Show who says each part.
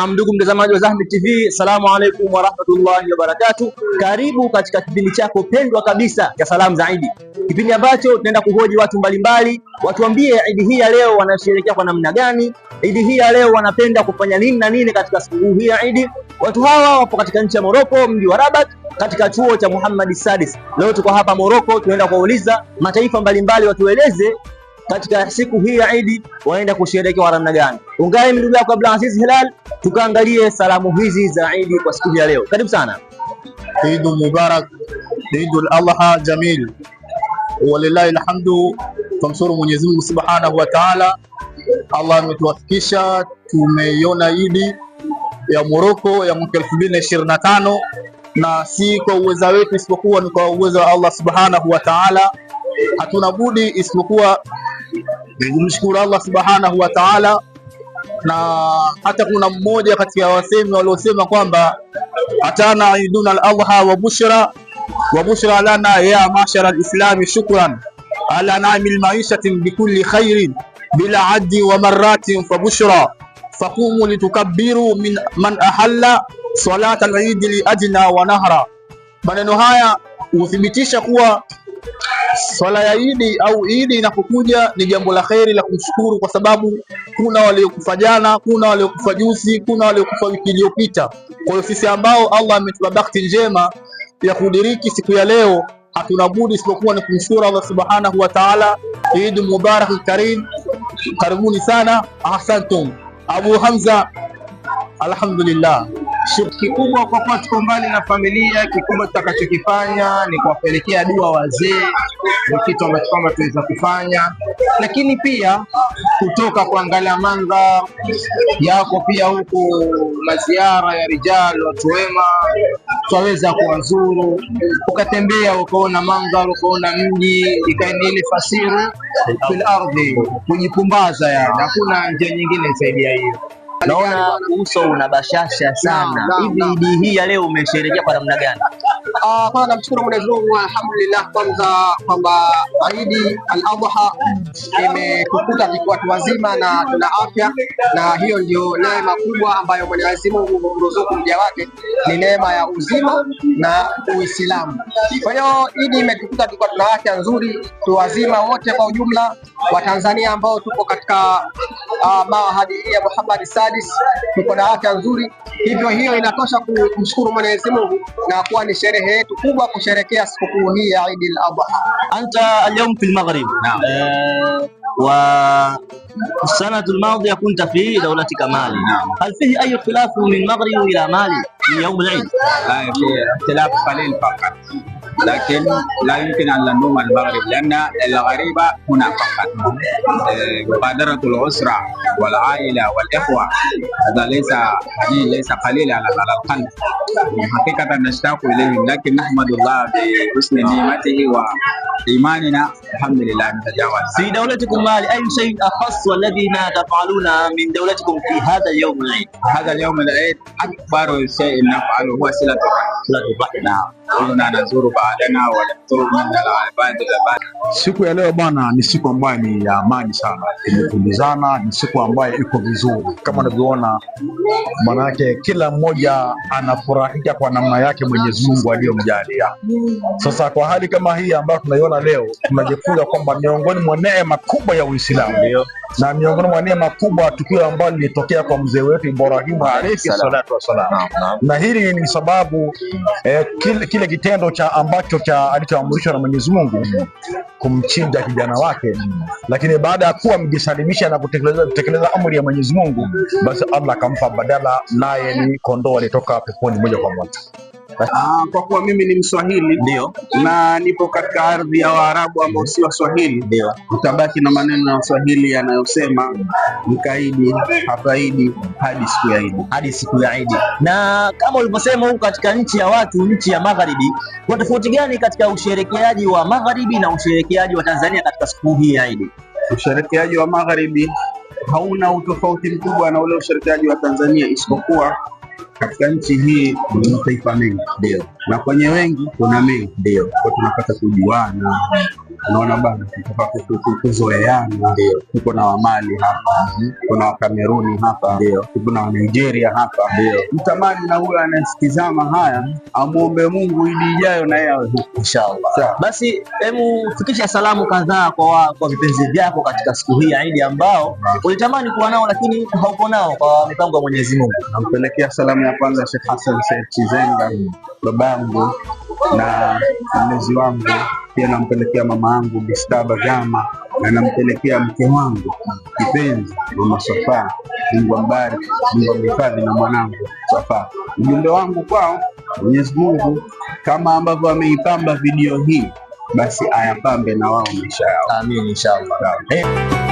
Speaker 1: Na ndugu mtazamaji wa Zahmid TV, assalamu alaikum warahmatullahi wabarakatuh. Karibu katika kipindi chako pendwa kabisa cha salamu za Idi, kipindi ambacho tunaenda kuhoji watu mbalimbali, watuambie Idi hii ya leo wanasherehekea kwa namna gani, Idi hii ya leo wanapenda kufanya nini na nini katika sikukuu hii ya Idi. Watu hawa wapo katika nchi ya Moroko, mji wa Rabat katika chuo cha Muhammad Sadis. Leo tuko hapa Moroko, tunaenda kuwauliza mataifa mbalimbali watueleze katika siku hii ya Idi waenda kusherehekea kwa namna gani? Ungane ndugu yako Abdul Aziz
Speaker 2: Hilal, tukaangalie salamu hizi za Idi kwa siku ya leo. Karibu sana. Eid Mubarak, Eid al-Adha jamil. Walillahi alhamdu, tumshukuru Mwenyezi Mungu Subhanahu wa Ta'ala. Allah ametuwafikisha tumeiona Idi ya Morocco ya mwaka 2025 na si kwa uweza wetu isipokuwa ni kwa uwezo wa Allah Subhanahu wa Ta'ala. Hatuna budi isipokuwa nikumshukuru Allah subhanahu wa ta'ala, na hata kuna mmoja kati ya wasemi waliosema kwamba atana iduna al-adha wa bushra wa bushra lana ya mashara al-islami, shukran ala naimil maishatin bikulli khairin bila addi wa marratin fa bushra faqumu litukabbiru min man ahalla salata al-eid li ajna wa nahra. Maneno haya huthibitisha kuwa Swala ya Idi au Idi inapokuja ni jambo la kheri la kushukuru, kwa sababu kuna waliokufa jana, kuna waliokufa juzi, kuna waliokufa wiki iliyopita. Kwa hiyo sisi ambao Allah ametupa bahati njema ya kudiriki siku ya leo hatuna budi isipokuwa ni kumshukuru Allah subhanahu wa ta'ala. Eid Mubarak Karim, karibuni sana, ahsantum. Abu Hamza, alhamdulillah. Kikubwa kwa kuwa tuko mbali na familia, kikubwa
Speaker 3: tutakachokifanya ni kuwapelekea dua wazee, ni kitu ambacho kwamba tunaweza kufanya,
Speaker 1: lakini pia
Speaker 3: kutoka kuangalia manga yako, pia huku maziara ya rijal, watu wema, twaweza kuwazuru, ukatembea ukaona manga, ukaona mji, ikaenile fasiru fil ardhi, kujipumbaza. Yani hakuna njia nyingine zaidi ya hiyo. Naona
Speaker 1: uso una bashasha sana, hivi Idi hii ya leo umesherehekea kwa namna gani?
Speaker 3: Ah, kwanza namshukuru Mwenyezi Mungu alhamdulillah, kwanza kwamba idi al-Adha imetukuta tukiwa watu wazima na tuna afya, na hiyo ndio neema kubwa ambayo Mwenyezi Mungu humruzuku mja wake, ni neema ya uzima na Uislamu. Kwa hiyo Eid imetukuta tukiwa tuna afya nzuri, tu wazima wote kwa ujumla, Watanzania ambao tuko katika uh, ah, mahadi ya Muhammad Sadis tuko na afya nzuri, hivyo hiyo inatosha kumshukuru Mwenyezi Mungu na kuwa ni sherehe sherehe yetu kubwa kusherekea sikukuu hii ya Eid al-Adha. Anta
Speaker 1: al-yawm fi al-Maghrib. Naam. والسنة الماضية كنت في دولتك مالي نعم. هل فيه أي اختلاف من مغرب إلى مالي
Speaker 3: في يوم العيد؟ لا في اختلاف قليل فقط لكن لا يمكن ان نلوم المغرب لان الغريبه هنا فقط آه، مبادره الاسره والعائله والاخوه هذا ليس ليس قليلا على القلب حقيقه نشتاق اليهم لكن نحمد الله بحسن نعمته وايماننا الحمد لله نتجاوز
Speaker 1: في دولتكم ما لاي شيء اخص والذي ما تفعلونه من دولتكم في هذا اليوم العيد
Speaker 3: هذا اليوم العيد اكبر شيء نفعله هو صله الرحم صله الرحم نعم Siku ya leo bwana, ni siku ambayo ni ya amani sana, imepulizana. Ni siku ambayo iko vizuri kama unavyoona, manake kila mmoja anafurahia kwa namna yake Mwenyezi Mungu aliyomjalia. Sasa kwa hali kama hii ambayo tunaiona leo, tunajifunza kwamba miongoni mwa neema kubwa ya Uislamu na miongoni mwa neema kubwa tukio ambalo lilitokea kwa mzee wetu Ibrahimu alayhi salatu wassalam, na hili ni sababu eh, kila, kila kile kitendo cha ambacho cha alichoamrishwa na Mwenyezi Mungu kumchinja kijana wake, lakini baada ya kuwa amejisalimisha na kutekeleza kutekeleza amri ya Mwenyezi Mungu, basi Allah akampa badala, naye ni kondoo alitoka peponi moja kwa moja. Ah, kwa kuwa mimi ni Mswahili ndio, na nipo katika ardhi ya Waarabu ambao si Waswahili ndio, utabaki na maneno ya Waswahili yanayosema mkaidi hafaidi hadi
Speaker 1: siku ya Idi, hadi siku ya Idi. Na kama ulivyosema huko katika nchi ya watu, nchi ya Magharibi, kwa tofauti gani katika usherekeaji wa Magharibi na usherekeaji wa Tanzania katika siku hii ya Idi?
Speaker 3: Usherekeaji wa Magharibi hauna utofauti mkubwa na ule usherekeaji wa Tanzania isipokuwa katika nchi hii kuna mataifa mengi ndio, na kwenye wengi kuna mengi ndio, kwa tunapata kujuana Naona bana kuzoeana, tuko na Wamali hapa, tuko na Wakameruni hapa, tuko na Wanigeria hapa. Mtamani na huyo anasikizama haya amwombe Mungu ili ijayo na yeye inshallah. Basi hebu fikisha salamu kadhaa kwa kwa vipenzi
Speaker 1: vyako katika siku hii ya ambao ulitamani kuwa nao lakini hauko nao kwa mipango ya Mwenyezi
Speaker 3: Mungu. Nampelekea salamu ya kwanza Sheikh Hassan Said Chizenga, babangu na mlezi wangu pia nampelekea mama yangu Bistaba Gama na nampelekea mke wangu kipenzi Mama Safa, Mungu ambariki, Mungu amhifadhi na mwanangu safa Ujumbe wangu kwao, Mwenyezi Mungu kama ambavyo ameipamba video hii, basi ayapambe na wao maisha yao. Amin, inshallah.